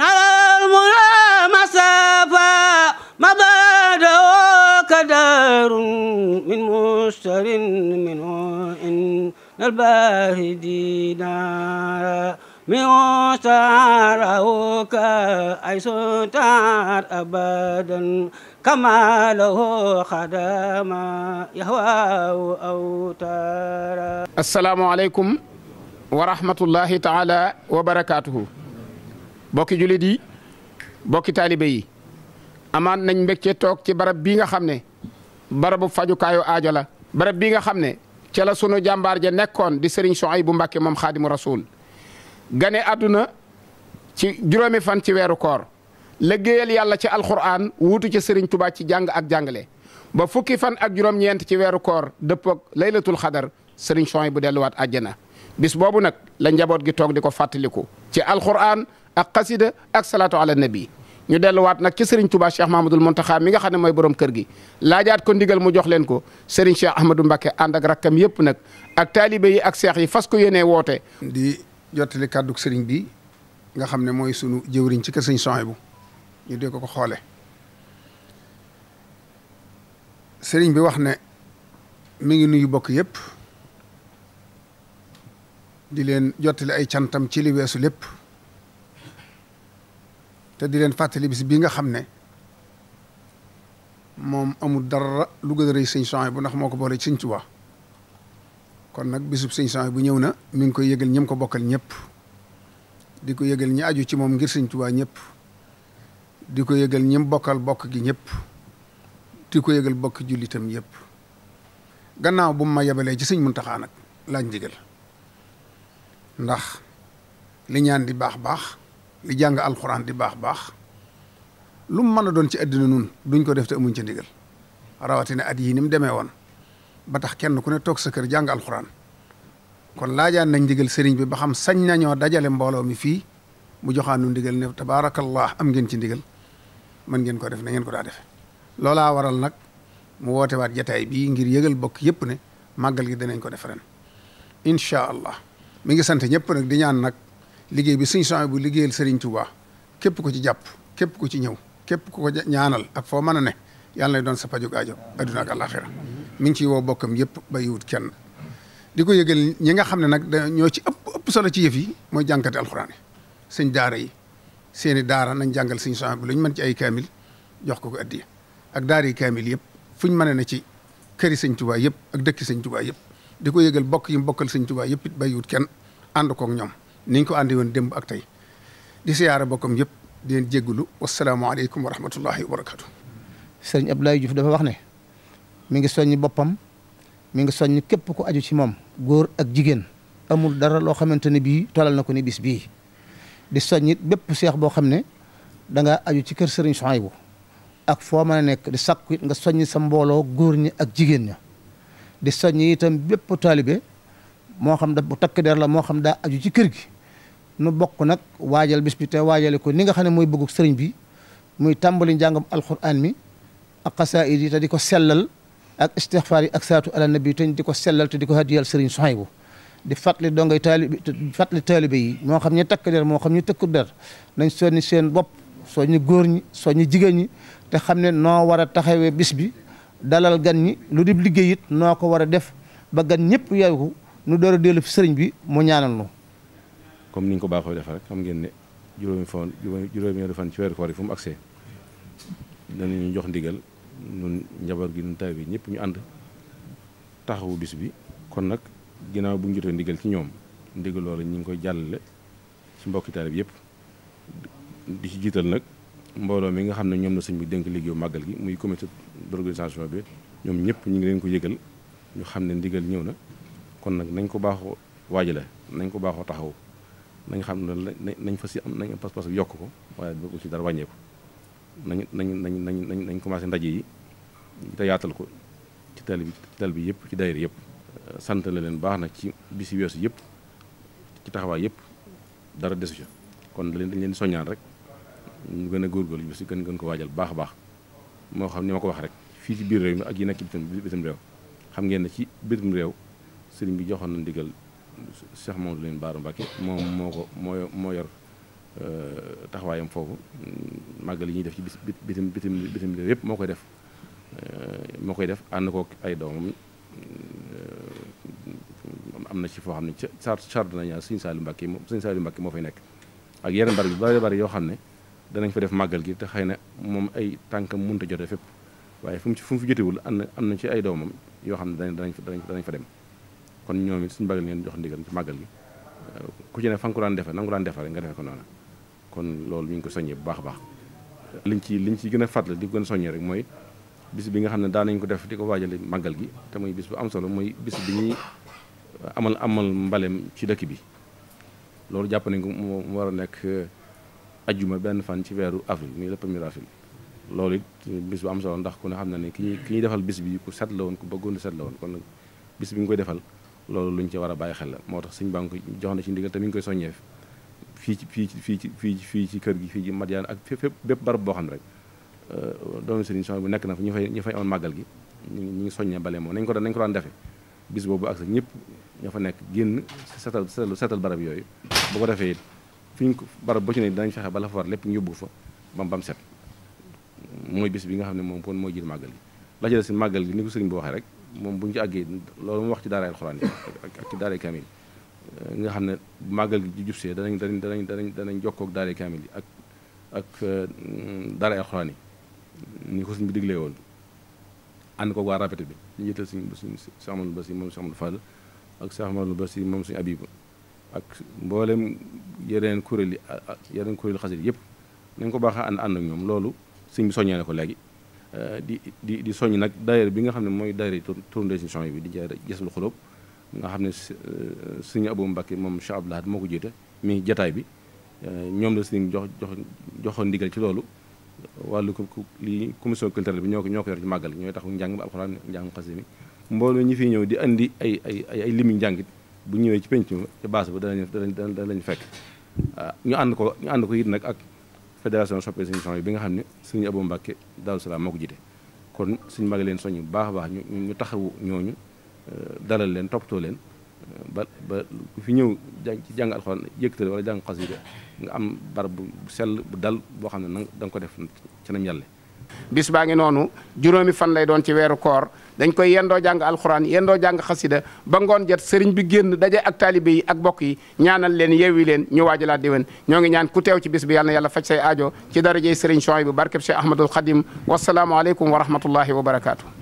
نرى المنى من مشتر منه إن الباهدي نارا من سعره أي ستار أبدا كما له خدما يهواه أوتارا السلام عليكم ورحمة الله تعالى وبركاته bokki jullit yi bokki taalibe yi amaan nañ mbégte toog ci barab bii nga xam ne barabu fajukaayu aajo la barab bii nga xam ne ca la sunu jàmbaar ja nekkoon di sëriñ bu Mbàkke moom xaadimu rasul gane àdduna ci juróomi fan ci weeru koor liggéeyal yàlla ci alxuraan wuutu ci sëriñ Tuubaa ci jàng ak jàngale ba fukki fan ak juróom-ñeent ci weeru koor dëppoog laylatul xadar sëriñ bu delluwaat àjjana bis boobu nag la njaboot gi toog di ko fàttaliku ak xasida ak salaatu ala nabi ñu delluwaat nag ci Serigne Touba Cheikh mamadou Mountakha mi nga xamne moy borom keur gi la jaat ko ndigal mu jox len ko Serigne Cheikh Ahmadou mbake ànd ak rakam yep nak ak talibe yi ak cheikh yi fas ko yene wote di jotali kaddu Serigne bi nga xamne moy sunu jeewriñ ci ke Serigne Souhaïbou ñu de ko ko xole Serigne bi wax ne mi ngi nuyu bokk yep di len jotali ay cantam ci li wessu lépp. te di leen fàttali bis bii nga xam ne moom amul dara lu gën a rëy sëñ bu ndax moo ko boole ci sëñ Tuubaa kon nag bisub sëñ Souhaïbou bu ñëw na mi ngi koy yëgal ñi ko bokkal ñëpp di ko yëgal ñi aju ci moom ngir sëñ ñëpp di ko yëgal ñi bokkal bokk gi ñépp di ko yëgal bokk jullitam yëpp gannaaw bu ma yebalee ci sëñ Muntaxaa nag laaj ndigal ndax li ñaan di baax baax li jàng alxuraan di baax baax lu mu mën a doon ci àddina nun duñ ko def te amuñ ci ndigal rawatina at yii ni mu demee woon ba tax kenn ku ne toog sa kër jàng alxuraan kon laajaan nañ ndigal sëriñ bi ba xam sañ nañoo dajale mbooloo mi fii mu joxaanu ndigal ne tabaarakallah am ngeen ci ndigal mën ngeen ko def na ngeen ko daa defe loolaa waral nag mu woote waat jataay bii ngir yëgal bokk yëpp ne màggal gi danañ ko def ren incha allah mi ngi sant ñëpp nag di ñaan nag. liggéey bi sëñ Souhaïbou bu liggéeyal Serigne Touba képp ko ci jàpp képp ko ci ñëw képp ko ko ñaanal ak foo mën a ne yàlla doon sa pajug aajo adduna ak àllaaxira mi ngi ciy woo bokkam yëpp bàyyiwut kenn. di ko yëgal ñi nga xam ne nag ñoo ci ëpp ëpp solo ci yëf mooy jànkati alxuraan yi sëñ daara yi seeni daara nañ jàngal sëñ Souhaïbou bu lu mën ci ay kaamil jox ko ko addiya ak daara yi kaamil yëpp fuñ mën a ne ci këri sëñ Touba yëpp ak dëkki sëñ Touba yëpp di ko yëgal bokk yi mu bokkal sëñ Touba yëpp it bàyyiwut kenn ànd koog ñoom niñ ko àndi woon démb ak tey di siyaara bokkam yëpp di leen jéggulu wasalaamaaleykum wa rahmatullahi wa barakatu sëriñ Abdoulaye Diouf dafa wax ne mi ngi soññi boppam mi ngi soññ képp ku aju ci moom góor ak jigéen amul dara loo xamante ne bii tolal na ko ni bis bii di soññit bépp seex boo xam ne danga aju ci kër sëriñ Souhaïbou ak foo mën a nekk di sakku nga soññ sa mbooloo góor ñi ak jigéen ña di soññ itam bépp taalibe moo xam da bu takk der la moo xam daa aju ci kër gi nu bokk nag waajal bis bi te waajale ko ni nga xam ne mooy bëggu sëriñ bi muy tàmbali njàngam alquran mi ak xasaayid yi te di ko sellal ak istixfaar yi ak saatu ala nabi te di ko sellal te di ko hadiyal sëriñ Suhaybu di fàttali dongay taalibe fàttali taalibe yi moo xam ñu takk der moo xam ñu tëkku der nañ ni seen bopp soññi góor ñi soññi jigéen ñi te xam ne noo war a taxawee bis bi dalal gan ñi lu di liggéey noo ko war a def ba gan ñëpp yow nu door a dellu fi sëriñ bi mu ñaanal nu comme niñ ko baaxoo defee rek xam ngeen ne juróomi fan juróomi fan ci weeru koor yi fu mu agsee danañu jox ndigal nun njaboot gi nun tay bi ñëpp ñu ànd taxawu bis bi kon nag ginnaaw bu ñu ndigal ci ñoom ndigal loolu ñu ngi koy jàllale ci mbokki bi yëpp di ci jiital nag mbooloo mi nga xam ne ñoom na sëñ bi dénk liggéeyu màggal gi muy comité d'organisation bi ñoom ñëpp ñu ngi leen ko yëgal ñu xam ne ndigal ñëw na kon nag nañ ko baaxo waajale nañ ko baaxo taxaw nañ xam ne nañ fa si am nañ pas pas yokk ko waaye bu ci dara wàññeeku nañ nañ nañ nañ nañ nañ commencé ndaje yi te yaatal ko ci tel bi ci tel bi yépp ci daayir yépp sant la leen baax na ci bisi weesu yépp ci taxawaay yépp dara desu ca kon dañ leen dañ leen soññaan rek ñu gën a góorgóorlu bisi gën gën ko waajal baax baax moo xam ni ma ko wax rek fii ci biir réew mi ak yi nekk bitim réew xam ngeen ne ci bitim réew sëriñ bi joxoon na ndigal Cheikh Mamadou Lamine Bara Mbacké moom moo ko moo moo yor taxawaayam foofu màggal yi ñuy def ci bis bitim bitim bitim yëpp moo koy def moo koy def ànd ko ay doomam am na ci foo xam ne ca charde na ñaar sëñ Saliou Mbacké moom sëñ Saliou Mbacké moo fay nekk ak yeneen barab yu bari bari yoo xam ne danañ fa def màggal gi te xëy na moom ay tànkam mënut a jote fépp waaye fu mu ci fu mu fi jotewul am na am na ci ay doomam yoo xam ne danañ danañ fa danañ fa dem kon ñoom it suñu bàggal neen jox ndigal ci màggal gi ku ci ne fa nga ko daan defe na nga ko daan defe rek nga defe ko noonu kon loolu ko soññee bu baax a baax liñ ci liñ ci gën a fàttali di ko gën rek mooy bis bi nga xam ne daan nañ ko def di ko waajale màggal gi te muy bis bu am solo muy bis bi ñuy amal amal mbaleem ci dëkk bi loolu jàpp nañ ko war a nekk eh, ajjuma benn fan ci weeru avril muy le premier avril loolu it bis bu am solo ndax ku ne xam na ne ki ñuy ki ñuy defal bis bi ku set la woon ku bëggoon set la woon kon bis bi nga koy defal loolu lu ñu ci war a bàyyi xel la moo tax sëñ baa ngi ko jox na ci ndigal te mi koy soññee fii ci fii ci fii ci fii fii ci kër gi fii ci Madiane ak fépp bépp barab boo xam ne rek euh, doomu sëriñ Sohaybu bu nekk na fa ñu fay ñu fay amoon màggal gi ñu soññee bale moom nañ ko daan nañ ko daan defee bis boobu ak sa ñëpp ña fa nekk génn setal setal barab yooyu bu ko defee it fi ñu ko barab ba ci ne danañ fexe ba fa war lépp ñu yóbbu fa bam bam set mooy bis bi nga xam ne moom kon mooy jiit màggal gi la ci des si màggal gi ni ko sëriñ bi waxee rek moom bu ñu ci àggee loolu mu wax ci daaray alxuraan yi ak ci daaray yi nga xam ne màggal gi jub see danañ danañ danañ danañ danañ jokkoo ak daaray kaamil yi ak ak mm, daaray alxuraan yi ni bi diglee woon ànd ko waa répété bi ñu jëtal suñ suñ si amadou basi moom si amadou fall ak si amadou basi moom si abibu ak mboolem yeneen kuréel yi yeneen kuréel xasit yëpp nañ ko baaxee ànd ànd ñoom loolu suñ bi soññee na ko léegi Euh, di di di soññ nag daayira bi nga xam ne mooy daayira tournée si son bi di jaay gis lu xulóob nga xam ne euh, sëñ Abou Mbacké moom Cheikh Abdoul Ahad moo ko jiite mi jataay bi euh, ñoom la sëñ jox jox joxoon ndigal ci loolu wàllu ko li commission culturelle bi ñoo ko ñoo ko yor ci màggal ñooy tax njàng ba alxuraan njàng xasida mi mbooloo ñi fi ñëw di andi ay ay ay ay limi njàngit bu ñëwee ci penc ca baas ba danañ danañ danañ fekk ah, ñu ànd ko ñu ànd ko it nag ak fédération soppé sëñ soñu bi nga xamni sëñ abou mbacké daal sala mako jité kon sëñ mbagi leen soñu baax baax ñu ñu taxawu ñooñu euh, dalal leen topto leen euh, ba ba fi ñew ci jang alcorane yëkëte wala jang qasida nga am bar bu sel bu dal bo xamne dang ko def ci nañ yalla bis baa ngi noonu juróomi fan lay doon ci weeru koor dañ koy yendoo jàng alxuraan yendoo jàng xasida ba ngoon jot sëriñ bi génn daje ak taalibe yi ak bokk yi ñaanal leen yeewi leen ñu waajalaat déwén ñoo ngi ñaan ku teew ci bis bi yàlla na faj say aajo ci darajey sëriñ Chouaïbou bu barkeb Cheikh Ahmadul Khadim wasalaamualeykum wa rahmatullahi wa barakaatu.